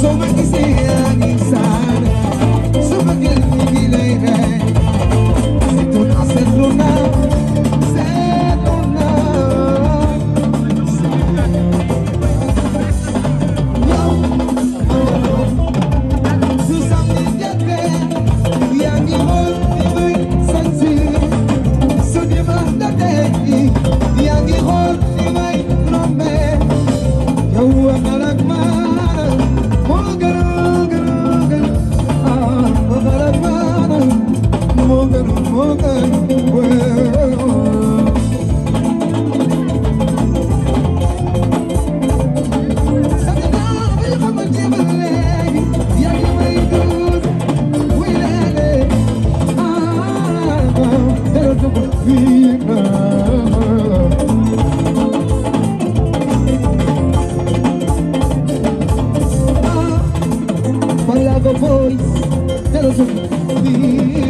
So much to say and it's be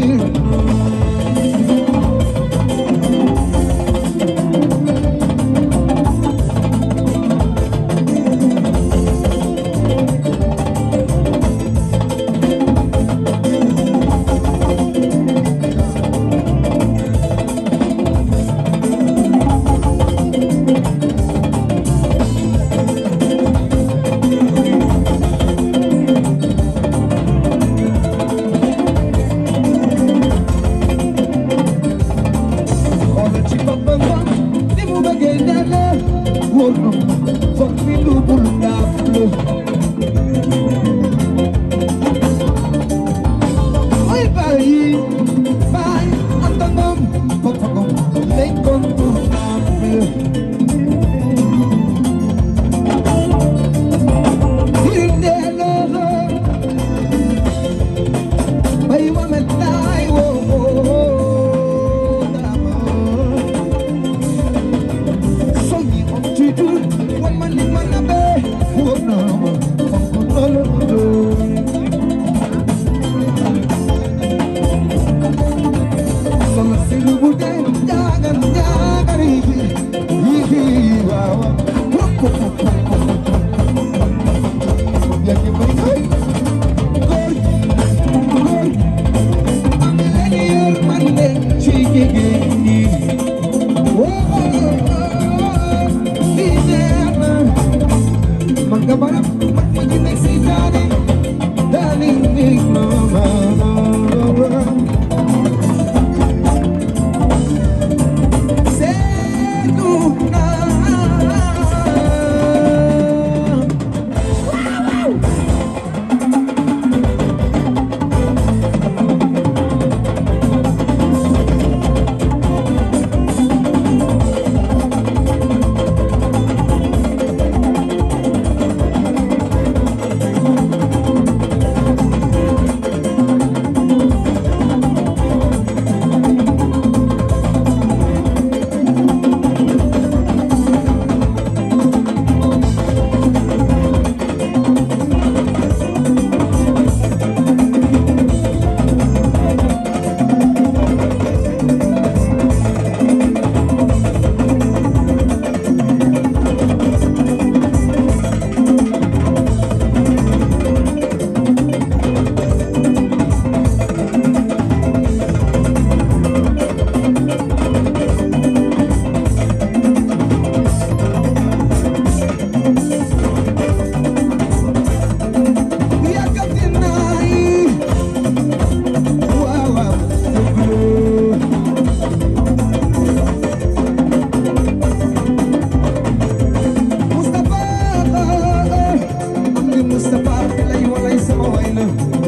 Thank you.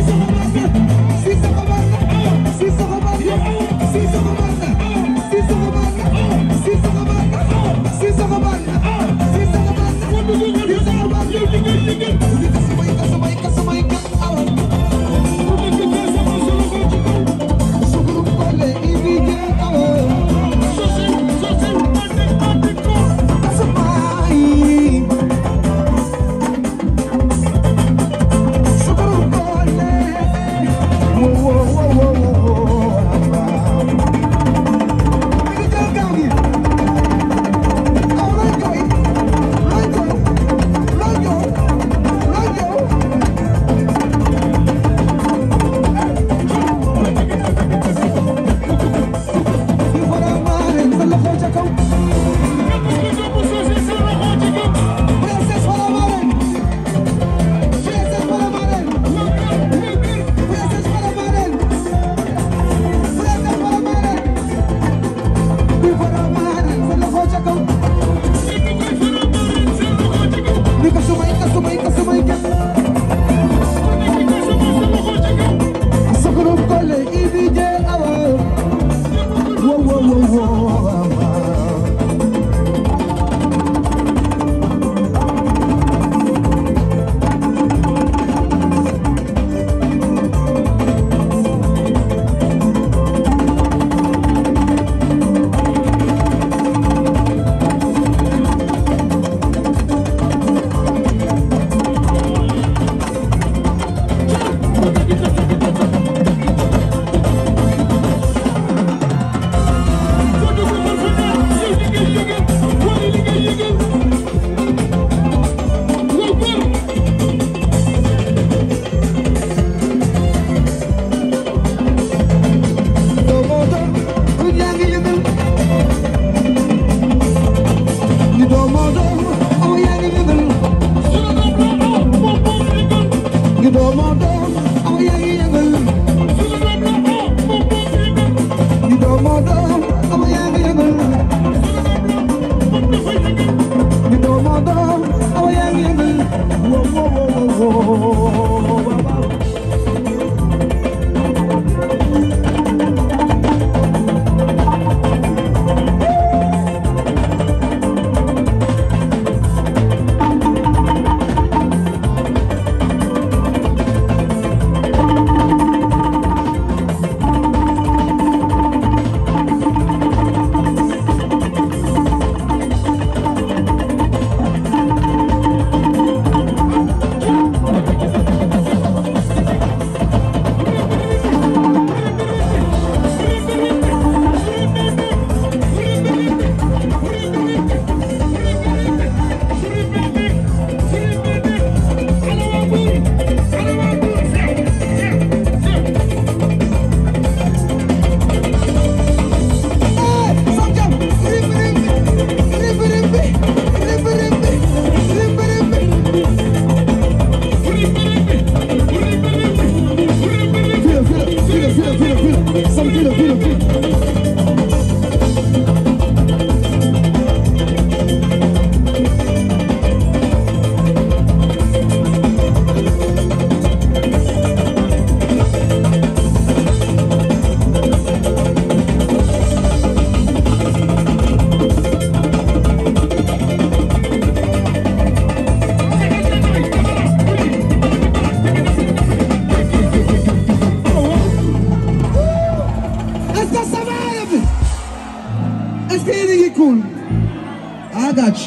Thank you. borom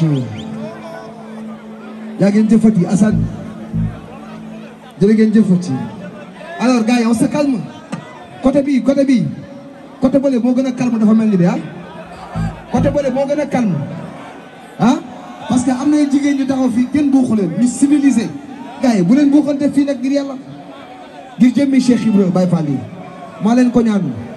Show yaa ngeen jëfati Assane jërë ngeen jëfati alors gars yi on se calme côté bii côté bi côté bële moo gën a calme dafa mel ni de ah côté bële moo gën a calme ah parce que am na jigéen ñu taxaw fii kenn buuxu leen ñu civilisé gars yi bu leen buuxante fii nag ngir yàlla ngir jëmmi Cheikh Ibrahima Baye Fall yi maa leen koñaan